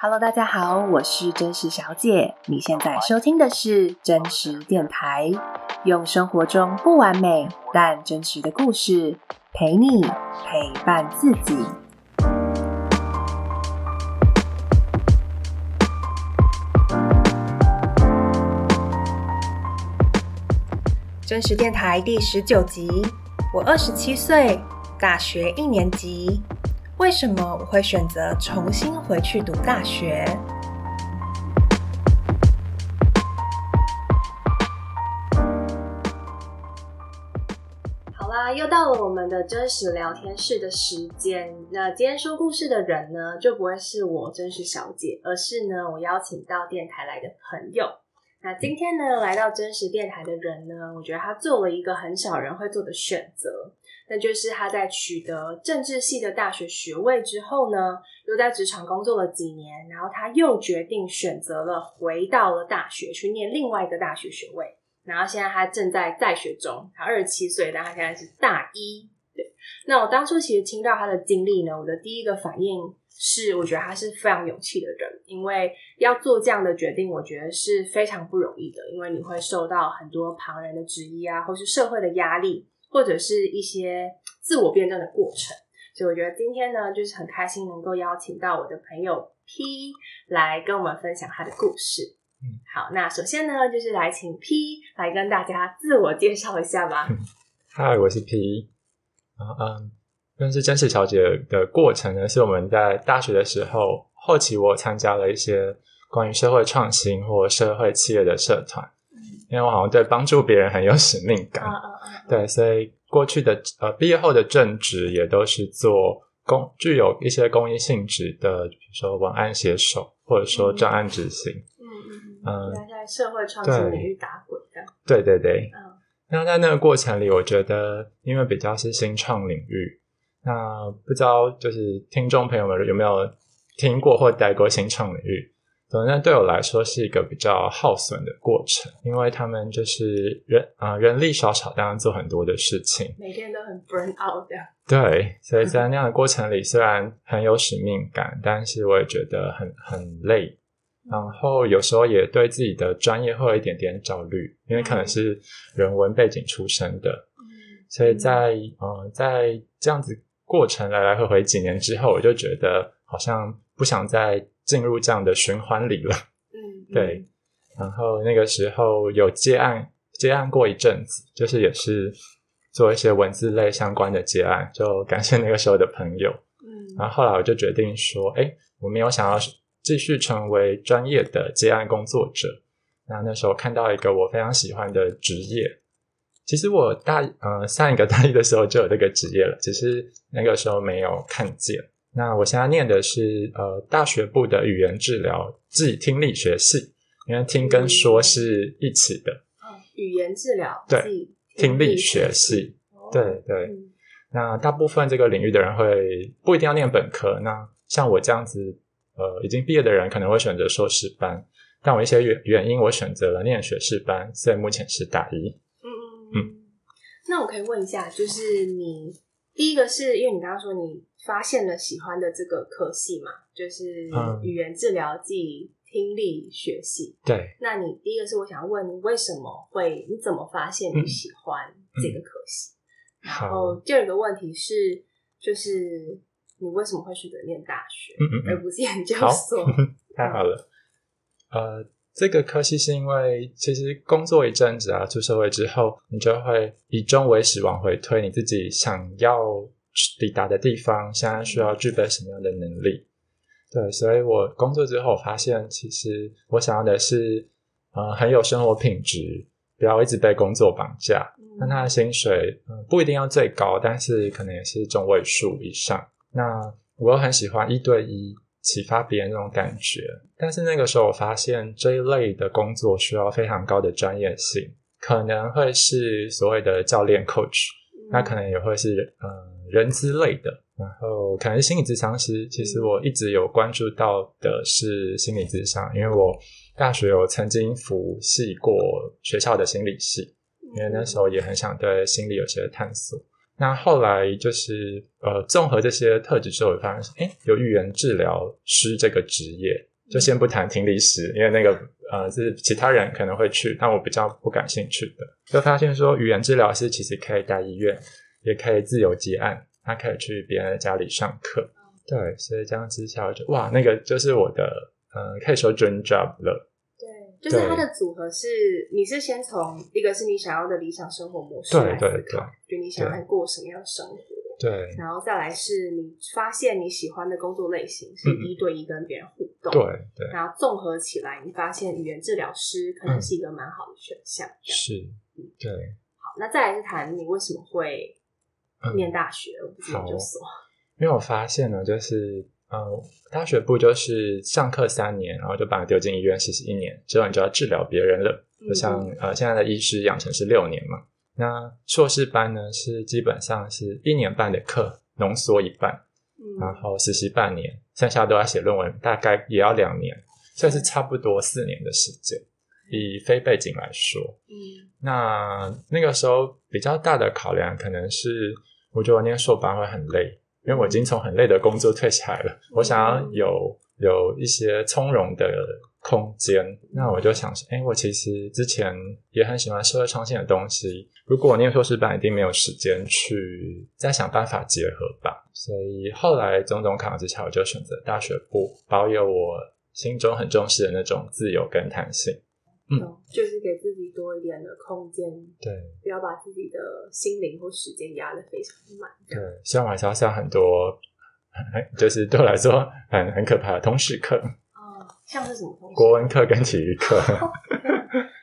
Hello，大家好，我是真實小姐。你現在收聽的是真實電台，用生活中不完美但真實的故事陪你陪伴自己。真實電台第十九集，我二十七歲，大學一年級。為什麼我會選擇重新回去讀大學？好啦，又到了我們的真實聊天室的時間。那今天說故事的人呢，就不會是我真實小姐，而是呢，我邀請到電台來的朋友。那今天呢，來到真實電台的人呢，我覺得他做了一個很少人會做的選擇。那就是他在取得政治系的大學學位之後呢，又在職場工作了幾年，然後他又決定選擇了回到了大學去念另外一個大學學位，然後現在他正在在學中，他二十七歲，但他現在是大一。對，那我當初其實聽到他的經歷呢，我的第一個反應是，我覺得他是非常有勇氣的人，因為要做這樣的決定，我覺得是非常不容易的，因為你會受到很多旁人的質疑啊，或是社會的壓力。或者是一些自我辯證的過程，所以我覺得今天呢，就是很開心能夠邀請到我的朋友 P 來跟我們分享他的故事。嗯，好，那首先呢，就是來請 P 來跟大家自我介紹一下吧。嗨、嗯，Hi, 我是 P。嗯嗯，認識真實小姐的過程呢，是我們在大學的時候後期，我參加了一些關於社會創新或社會企業的社團。因為我好像對幫助別人很有使命感，啊啊啊、對，所以過去的呃畢業後的正職也都是做公具有一些公益性質的，比如說文案寫手，或者說專案執行，嗯嗯嗯，嗯嗯嗯呃、在社會創新領域打滾的對，對對對。嗯、那在那個過程裡，我覺得因為比較是新創領域，那不知道就是聽眾朋友們有沒有聽過或待過新創領域？反那對我來說是一個比較耗損的過程，因為他們就是人啊、呃，人力少少，但是做很多的事情，每天都很 burn out 的。對，所以在那樣的過程裡，雖然很有使命感，嗯、但是我也覺得很很累。然後有時候也對自己的專業會有一點點焦慮，因為可能是人文背景出身的。嗯，所以在、嗯、呃，在這樣子過程來來回回幾年之後，我就覺得。好像不想再進入這樣的循環裡了。對對嗯，對。然後那個時候有接案，接案過一陣子，就是也是做一些文字類相關的接案，就感謝那個時候的朋友。嗯，然後後來我就決定說，哎，我沒有想要繼續成為專業的接案工作者。那那時候看到一個我非常喜歡的職業，其實我大呃上一個大一的時候就有這個職業了，只是那個時候沒有看見。那我現在念的是呃大學部的語言治療暨聽力學系，因為聽跟說是一起的。語言治療對，力聽力學系，哦，對對。嗯、那大部分這個領域的人會不一定要念本科，那像我這樣子呃已經畢業的人，可能會選擇碩士班。但我一些原原因，我選擇了念學士班，所以目前是大一。嗯嗯嗯。嗯，那我可以問一下，就是你第一個是因為你剛剛說你發現了喜歡的這個科系嘛，就是語言治療暨，嗯、聽力學系。對，那你第一個是我想問你為什麼會？你怎麼發現你喜歡這個科系？嗯嗯、好。然後第二個問題是，就是你為什麼會選擇念大學嗯嗯嗯而不是研究所？好 嗯、太好了，uh 這個科系是因為，其實工作一陣子啊，出社會之後，你就會以終為始，往回推你自己想要抵達的地方，現在需要具備什麼樣的能力？對，所以我工作之後我發現，其實我想要的是，呃，很有生活品質，不要一直被工作綁架。那、嗯、他的薪水、呃、不一定要最高，但是可能也是中位數以上。那我又很喜歡一對一。啟發別人那種感覺，但是那個時候我發現這一類的工作需要非常高的專業性，可能會是所謂的教練 （coach），那可能也會是呃、嗯、人資類的，然後可能是心理諮商師。其實我一直有關注到的是心理諮商，因為我大學有曾經輔系過學校的心理系，因為那時候也很想對心理有些探索。那後來就是呃，綜合這些特質之後，我發現，誒有語言治療師這個職業，就先不談聽力師，因為那個呃是其他人可能會去，但我比較不感興趣的。就發現說，語言治療師其實可以待醫院，也可以自由接案，他、啊、可以去別人家裡上課，對，所以這樣之下就哇，那個就是我的嗯，可以說 dream job 了。就是它的組合是，你是先從一個是你想要的理想生活模式來思考，就你想要過什麼樣的生活，對，對，然後再來是你發現你喜歡的工作類型是一對一跟別人互動，對對，然後綜合起來，你發現語言治療師可能是一個蠻好的選項，是對。好，那再來是談你為什麼會念大學，我不知道就說，因為我發現呢，就是。嗯、呃，大學部就是上課三年，然後就把你丟進醫院實習一年，之後你就要治療別人了。就像呃，現在的醫師養成是六年嘛，那碩士班呢是基本上是一年半的課濃縮一半，然後實習半年，剩下都要寫論文，大概也要兩年，這是差不多四年的時間。以非背景來說，嗯，那那個時候比較大的考量可能是，我覺得念碩班會很累。因為我已經從很累的工作退下來了，我想要有有一些從容的空間，那我就想說，哎，我其實之前也很喜歡社會創新的東西，如果我念碩士班，一定沒有時間去再想辦法結合吧，所以後來種種考量之下，我就選擇大學部，保有我心中很重視的那種自由跟彈性。嗯，嗯，就是給自己多一點的空間，對，不要把自己的心靈或時間壓得非常滿。對，希望還是要上很多，就是對我來說很很可怕的通識，通識課，嗯，像是什麼通識？國文課跟體育課，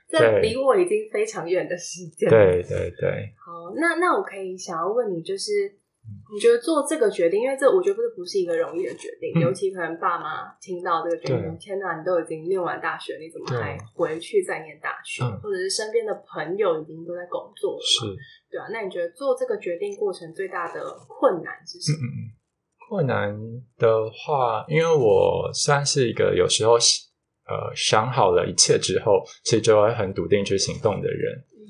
這離、哦、 對我已經非常遠的時間，對對對。好，那那我可以想要問你，就是。你覺得做這個決定，因為這我覺得不是不是一個容易的決定，嗯、尤其可能爸媽聽到這個決定，啊、天哪，你都已經念完大學，你怎麼還回去再念大學？啊嗯、或者是身邊的朋友已經都在工作了，是，對啊，那你覺得做這個決定過程最大的困難是什麼？嗯嗯困難的話，因為我算是一個有時候、呃、想好了一切之後，其實就會很篤定去行動的人。嗯、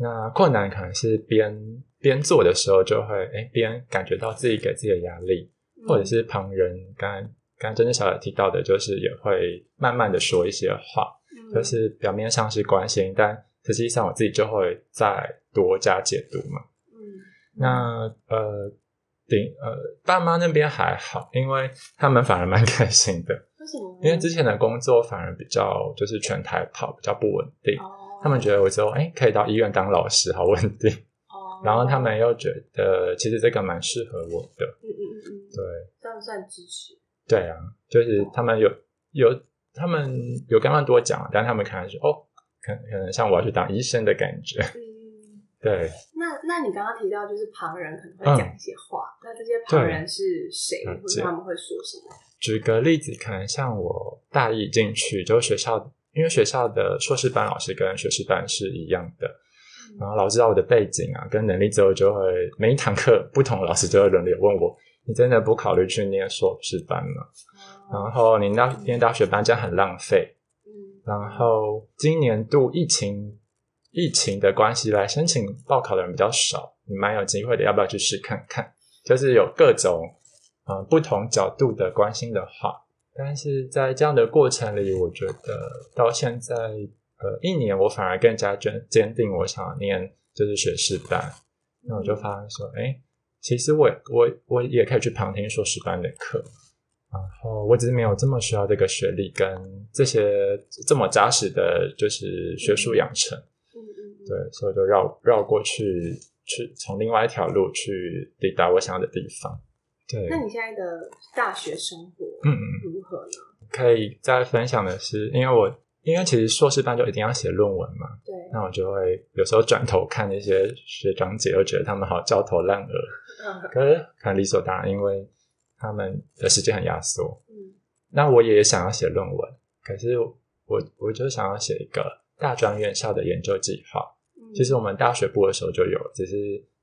哼那困難可能是邊。邊做的時候就會哎，邊、欸、感覺到自己給自己的壓力，嗯、或者是旁人，剛剛真實小姐提到的，就是也會慢慢的說一些話，嗯、就是表面上是關心，但實際上我自己就會再多加解讀嘛。嗯、那呃頂呃爸媽那邊還好，因為他們反而蠻開心的，為什麼？因為之前的工作反而比較就是全台跑，比較不穩定，哦、他們覺得我之後哎，可以到醫院當老師，好穩定。然後他們又覺得，其實這個蠻適合我的。嗯嗯嗯嗯，對、嗯，算、嗯、不算支持。對啊，就是他們有有他們有剛剛多講，但他們可能是哦，可能像我要去當醫生的感覺。嗯。對。那那你剛剛提到，就是旁人可能會講一些話，嗯、那這些旁人是誰，對或者他們會說什麼？舉個例子，可能像我大一進去，就學校，因為學校的碩士班老師跟學士班是一樣的。然後老師知道我的背景啊跟能力之後，就會每一堂課不同的老師就會輪流問我：“你真的不考慮去念碩士班嗎？”然後你那念大學班這樣很浪費。然後今年度疫情疫情的關係，來申請報考的人比較少，你蠻有機會的，要不要去試看看？就是有各種、嗯、不同角度的關心的話，但是在這樣的過程裡，我覺得到現在。呃，一年，我反而更加堅堅定，我想要念就是學士班。嗯、那我就發現說，哎、欸，其實我也我我也可以去旁聽碩士班的課，然後我只是沒有這麼需要這個學歷跟這些這麼扎實的，就是學術養成。嗯嗯。嗯嗯嗯對，所以就繞繞過去，去從另外一條路去抵達我想要的地方。對，那你現在的大學生活，嗯嗯，如何呢？嗯？可以再分享的是，因為我。因為其實碩士班就一定要寫論文嘛，對，那我就會有時候轉頭看那些學長姐，又覺得他們好焦頭爛額， 可是很理所當然，因為他們的時間很壓縮，嗯，那我也想要寫論文，可是我我就想要寫一個大專院校的研究計劃，嗯，其實我們大學部的時候就有，只是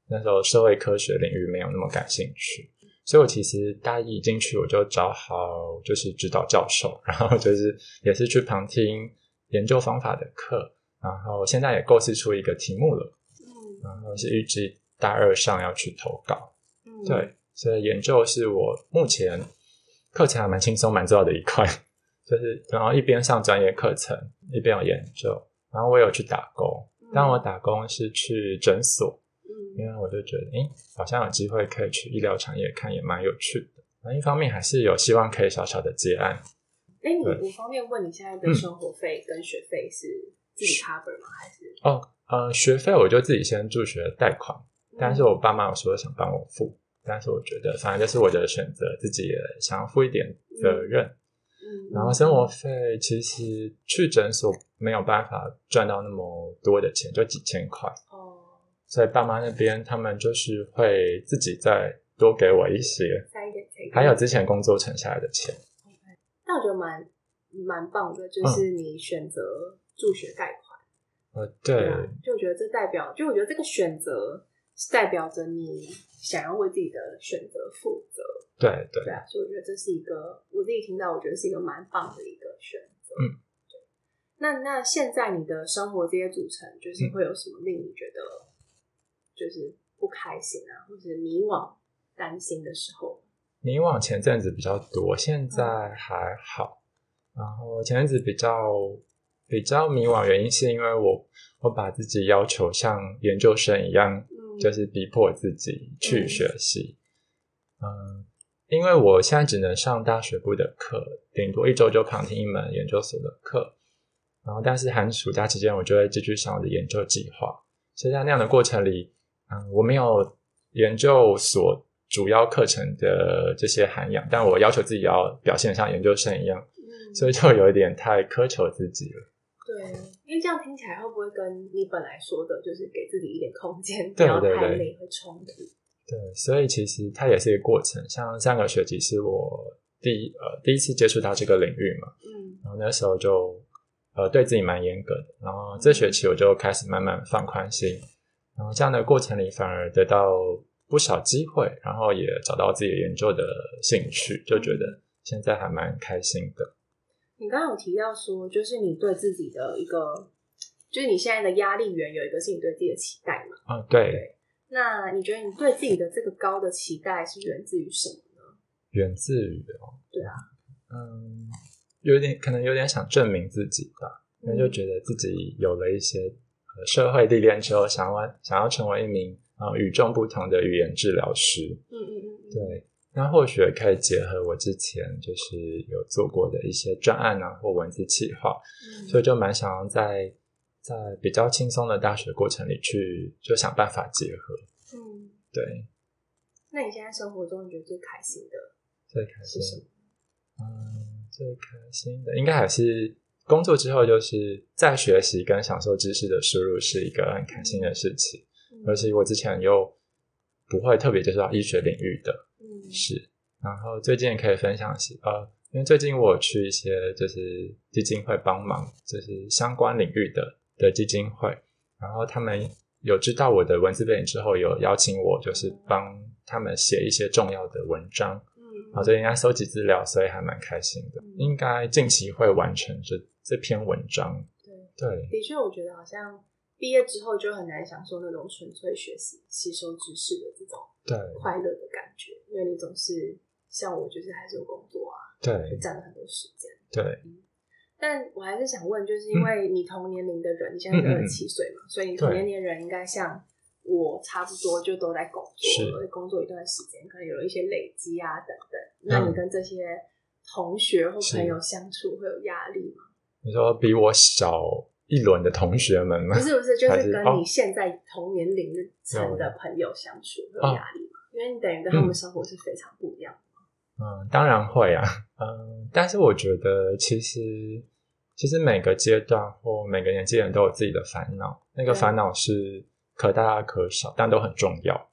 那時候社會科學領域沒有那麼感興趣。所以我其實大一進去我就找好就是指導教授，然後就是也是去旁聽研究方法的課，然後現在也構思出一個題目了，嗯，然後是預計大二上要去投稿，嗯，對，所以研究是我目前課程還蠻輕鬆蠻重要的一塊，就是然後一邊上專業課程，一邊有研究，然後我有去打工，但我打工是去診所。因為我就覺得，哎、欸，好像有機會可以去醫療產業看，也蠻有趣的。那一方面還是有希望可以小小的接案。哎、欸，我不對方便問你現在的生活費跟學費是自己 cover 嗎？嗯、還是？哦，呃，學費我就自己先助學貸款，嗯、但是我爸媽有時候想幫我付，但是我覺得反正就是我的選擇，自己也想要付一點責任嗯。嗯。然後生活費其實去診所沒有辦法賺到那麼多的錢，就幾千塊。哦。在爸媽那邊，他們就是會自己再多給我一些，還有之前工作存下來的錢。那我覺得蠻蠻棒的，就是你選擇助學貸款。呃、嗯嗯，對、啊，就我覺得這代表，就我覺得這個選擇代表着你想要為自己的選擇負責。對對。對啊，所以我覺得這是一個我自己聽到，我覺得是一個蠻棒的一個選擇。嗯。對。那那現在你的生活這些組成，就是會有什麼令你覺得？就是不開心啊，或者迷惘、擔心的時候，迷惘前陣子比較多，現在還好。嗯、然後前陣子比較比較迷惘，原因是因為我我把自己要求像研究生一樣，嗯、就是逼迫自己去學習。嗯，嗯，因為我現在只能上大學部的課，頂多一周就旁聽一門研究所的課。然後，但是寒暑假期間，我就會繼續上我的研究計劃。所以在那樣的過程裡、嗯。我沒有研究所主要課程的這些涵養，但我要求自己要表現得像研究生一樣，嗯、所以就有一點太苛求自己了。對，因為這樣聽起來會不會跟你本來說的就是給自己一點空間，不要攀比和衝突對對對？對，所以其實它也是一個過程。像上個學期是我第一呃第一次接觸到這個領域嘛，嗯，然後那時候就呃對自己蠻嚴格的，然後這學期我就開始慢慢放寬心。然後這樣的過程裡，反而得到不少機會，然後也找到自己研究的興趣，就覺得現在還蠻開心的。你剛剛有提到說，就是你對自己的一個，就是你現在的壓力源有一個是你對自己的期待嘛？啊、嗯，對，對。那你覺得你對自己的這個高的期待是源自於什麼呢？源自於哦，對啊，嗯，有點可能有點想證明自己吧，那就覺得自己有了一些。社會歷練之後，想要想要成為一名啊、呃、與眾不同的語言治療師。嗯嗯嗯。嗯嗯，對，那或許可以結合我之前就是有做過的一些專案啊，或文字企劃。嗯。所以就蠻想要在在比較輕鬆的大學過程裡去就想辦法結合。嗯。對。那你現在生活中你覺得最開心的？最開心。試試嗯，最開心的應該還是。工作之後，就是在學習跟享受知識的輸入是一個很開心的事情。而且、嗯、我之前又不會特別接觸到醫學領域的，嗯、是。然後最近也可以分享一些，呃、啊，因為最近我去一些就是基金會幫忙，就是相關領域的的基金會，然後他們有知道我的文字背景之後，有邀請我就是幫他們寫一些重要的文章，嗯，好，所以人家收集資料，所以還蠻開心的。嗯、應該近期會完成這這篇文章，對對，對的確，我覺得好像畢業之後就很難享受那種純粹學習、吸收知識的這種對快樂的感覺，對因為你總是像我，就是還是有工作啊，對，就占了很多時間，對、嗯。但我還是想問，就是因為你同年齡的人，嗯、你現在二十七歲嘛，嗯嗯所以你同年齡人應該像我差不多，就都在工作對。是工作一段時間，可能有了一些累積啊等等。嗯、那你跟這些同學或朋友相處會有壓力嗎？你說比我小一輪的同學們嗎？不是不是，就是跟你現在同年齡層的朋友相處有壓力嗎？哦、因為你等於跟他們生活是非常不一樣的嗯。嗯，當然會啊。嗯，但是我覺得其實其實每個階段或每個年紀人都有自己的煩惱，對那個煩惱是可大可小，但都很重要。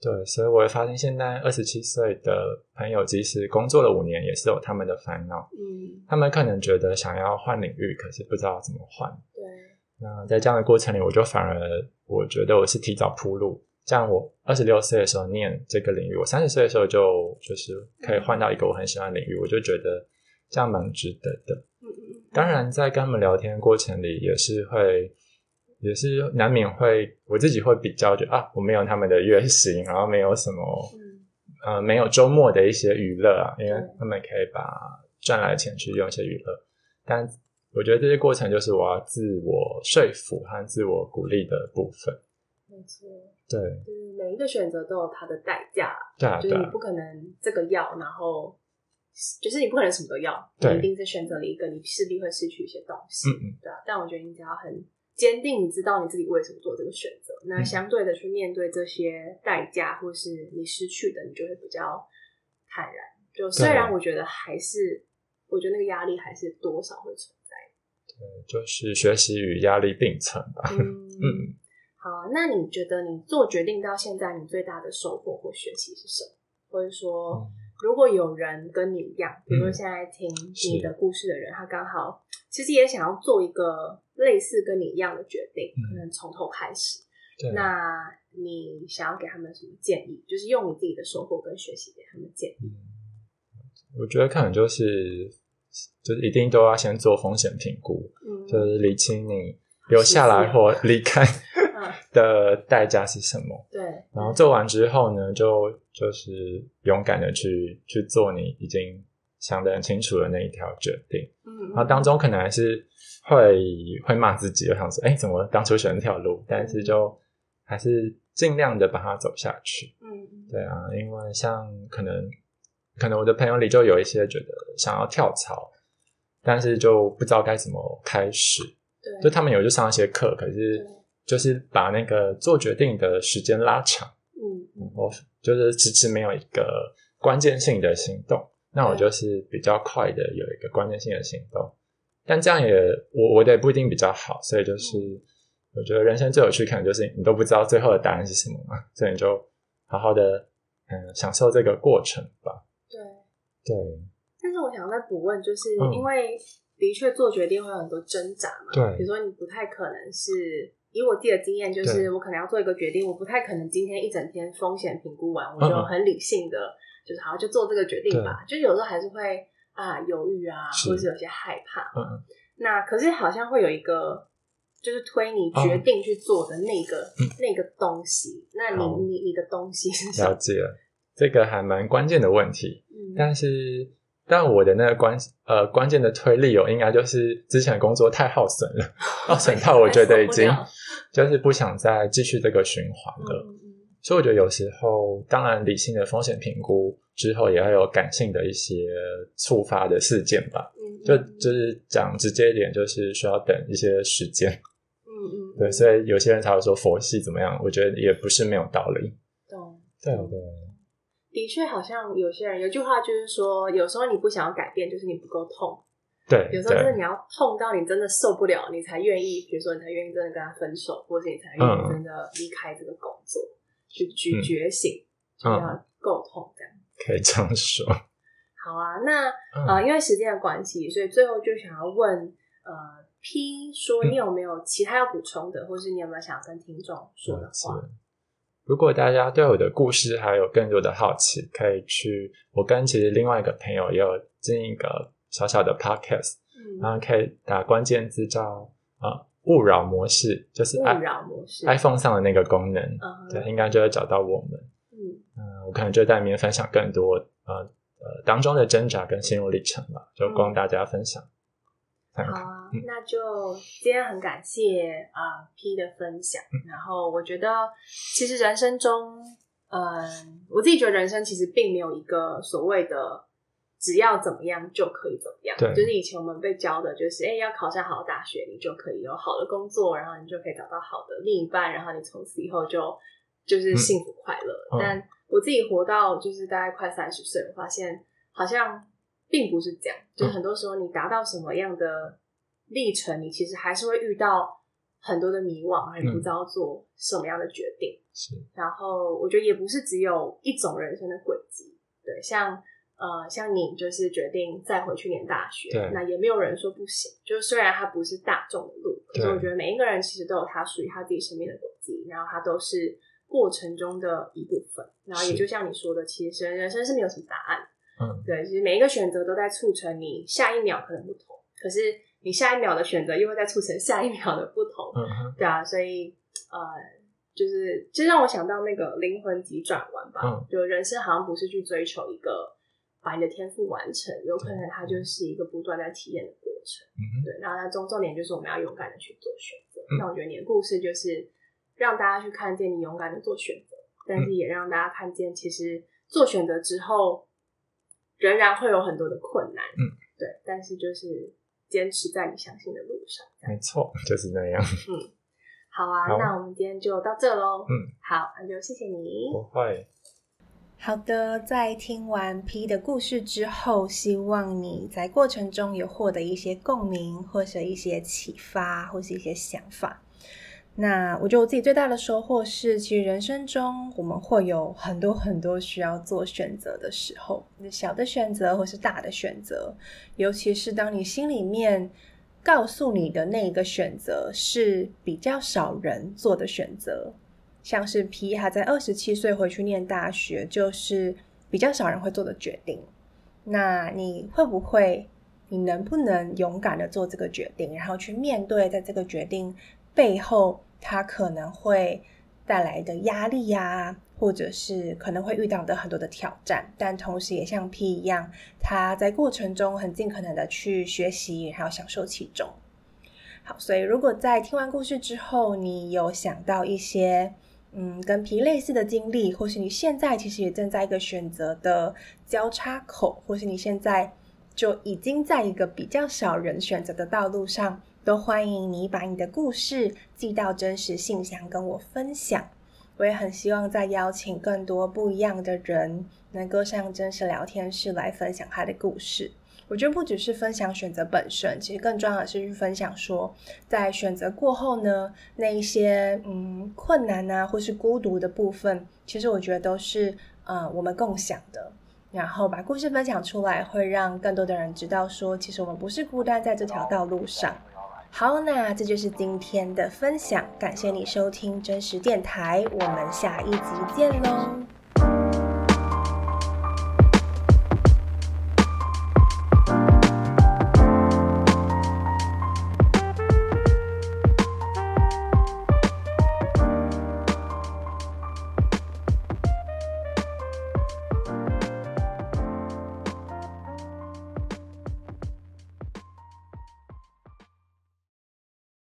對，所以我會發現，現在二十七歲的朋友，即使工作了五年，也是有他們的煩惱。嗯，他們可能覺得想要換領域，可是不知道怎麼換。對，那在這樣的過程裡，我就反而我覺得我是提早鋪路。這樣我二十六歲的時候念這個領域，我三十歲的時候就就是可以換到一個我很喜歡的領域，我就覺得這樣蠻值得的。當然，在跟他們聊天過程裡，也是會。也是難免會，我自己會比較覺得啊，我沒有他們的月薪，然後沒有什麼，嗯、呃，沒有週末的一些娛樂啊，因為他們可以把賺來的錢去用一些娛樂。對但我覺得這些過程就是我要自我說服和自我鼓勵的部分。沒錯是，對，就是、嗯、每一個選擇都有它的代價，對、啊。就是你不可能這個要，然後就是你不可能什麼都要，對你一定是選擇了一個，你勢必會失去一些東西。嗯嗯，對啊。但我覺得你只要很。堅定，你知道你自己為什麼做這個選擇，那相對的去面對這些代價、嗯、或是你失去的，你就會比較坦然。就雖然我覺得還是，對我覺得那個壓力還是多少會存在的。對，就是學習與壓力並存吧。嗯，好，那你覺得你做決定到現在，你最大的收穫或學習是什麼？或者說，嗯、如果有人跟你一樣，比如說現在聽你的故事的人，嗯、他剛好其實也想要做一個。類似跟你一樣的決定，可能從頭開始。嗯啊、那你想要給他們什麼建議？就是用你自己的收穫跟學習給他們建議。我覺得可能就是，就是一定都要先做風險評估，嗯、就是理清你留下來或離開的代價是什麼。嗯、 對。然後做完之後呢，就就是勇敢的去去做你已經。想得很清楚的那一條決定，嗯，然後當中可能還是會、嗯、會罵自己，我想說，哎、欸，怎麼當初選這條路？嗯、但是就還是盡量的把它走下去，嗯，對啊，因為像可能可能我的朋友裡就有一些覺得想要跳槽，但是就不知道該怎麼開始，對，就他們有就上一些課，可是就是把那個做決定的時間拉長，嗯嗯，我就是遲遲沒有一個關鍵性的行動。對，嗯那我就是比較快的有一個關鍵性的行動，但這樣也我我也不一定比較好，所以就是我覺得人生最有趣可能就是你都不知道最後的答案是什麼嘛，所以你就好好的嗯享受這個過程吧。對，對。但是我想再補問，就是、嗯、因為的確做決定會有很多掙扎嘛，對。比如說你不太可能是以我自己的經驗，就是我可能要做一個決定，對我不太可能今天一整天風險評估完，我就很理性的。嗯就是好像，就做這個決定吧。就有時候還是會啊猶豫啊，或是有些害怕。嗯，那可是好像會有一個，就是推你決定去做的那個那個東西。那你你你的東西是什麼？了解，這個還蠻關鍵的問題。但是但我的那個關呃關鍵的推力哦，應該就是之前工作太耗損了，耗損到我覺得已經就是不想再繼續這個循環了。所以我覺得有時候，當然理性的風險評估之後，也要有感性的一些觸發的事件吧。嗯、嗯、嗯，就就是講直接一點，就是需要等一些時間。嗯嗯，對，所以有些人才會說佛系怎麼樣？我覺得也不是沒有道理。嗯、對，對對。的確，好像有些人有句話就是說，有時候你不想要改變，就是你不夠痛。對，有時候真的你要痛到你真的受不了，你才願意，對比如說你才願意真的跟他分手，或是你才願意真的離開這個工作。嗯去去覺醒，嗯、就要溝通這樣、嗯，可以這樣說。好啊，那、嗯呃、因為時間的關係，所以最後就想要問呃 P，說你有沒有其他要補充的，嗯、或是你有沒有想要跟聽眾說的話、嗯？如果大家對我的故事還有更多的好奇，可以去我跟其實另外一個朋友也有進一個小小的 podcast，、嗯、然後可以打關鍵字找勿擾模式就是 iPhone 上的那個功能，嗯、對，應該就會找到我們。嗯、呃、我可能就會在裡面分享更多、呃呃、當中的掙扎跟心路歷程吧，就供大家分享。那就今天很感謝、呃、P 的分享。嗯、然後我覺得其實人生中、呃，我自己覺得人生其實並沒有一個所謂的。只要怎麼樣就可以怎麼樣，對就是以前我們被教的，就是哎、欸，要考上好大學，你就可以有好的工作，然後你就可以找到好的另一半，然後你從此以後就就是幸福快樂。嗯、但我自己活到就是大概快三十歲，我發現好像並不是這樣。就很多時候，你達到什麼樣的歷程，嗯、你其實還是會遇到很多的迷惘，還不知道做什麼樣的決定。嗯、然後我覺得也不是只有一種人生的軌跡，對，像。呃，像你就是決定再回去念大學，對那也沒有人說不行。就是雖然它不是大眾的路，對可是我覺得每一個人其實都有他屬於他自己生命的軌跡，嗯、然後他都是過程中的一部分。然後也就像你說的，是其實人生是沒有什麼答案。嗯，對，其實每一個選擇都在促成你下一秒可能不同，可是你下一秒的選擇又會在促成下一秒的不同。嗯，對啊，所以，呃，就是其實讓我想到那個靈魂急轉彎吧，嗯、就人生好像不是去追求一個。把你的天賦完成，有可能它就是一個不斷在體驗的過程。嗯，對，然後它重重點就是我們要勇敢的去做選擇。嗯，那我覺得你的故事就是讓大家去看見你勇敢的做選擇，但是也讓大家看見其實做選擇之後仍然會有很多的困難。嗯，對，但是就是堅持在你相信的路上。沒錯，就是那樣。嗯，好啊，好嗎？那我們今天就到這嘍。嗯，好，那就謝謝你。不會。好的，在聽完 P 的故事之後，希望你在過程中有獲得一些共鳴，或者一些啟發，或是一些想法。那我覺得我自己最大的收穫是，其實人生中我們會有很多很多需要做選擇的時候，小的選擇或是大的選擇，尤其是當你心裡面告訴你的那一個選擇是比較少人做的選擇。像是 P，他在二十七歲回去念大學，就是比較少人會做的決定。那你會不會？你能不能勇敢的做這個決定，然後去面對在這個決定背後他可能會帶來的壓力啊，或者是可能會遇到的很多的挑戰？但同時也像 P 一樣，他在過程中很盡可能的去學習，然後享受其中。好，所以如果在聽完故事之後，你有想到一些……嗯，跟 P 類似的經歷，或是你現在其實也正在一個選擇的交叉口，或是你現在就已經在一個比較少人選擇的道路上，都歡迎你把你的故事寄到真實信箱跟我分享。我也很希望再邀請更多不一樣的人，能夠上真實聊天室來分享他的故事。我覺得不只是分享選擇本身，其實更重要的是去分享說，在選擇過後呢，那一些嗯困難啊，或是孤獨的部分，其實我覺得都是呃我們共享的。然後把故事分享出來，會讓更多的人知道說，其實我們不是孤單在這條道路上。好，那這就是今天的分享，感謝你收聽真實電台，我們下一集見嘍。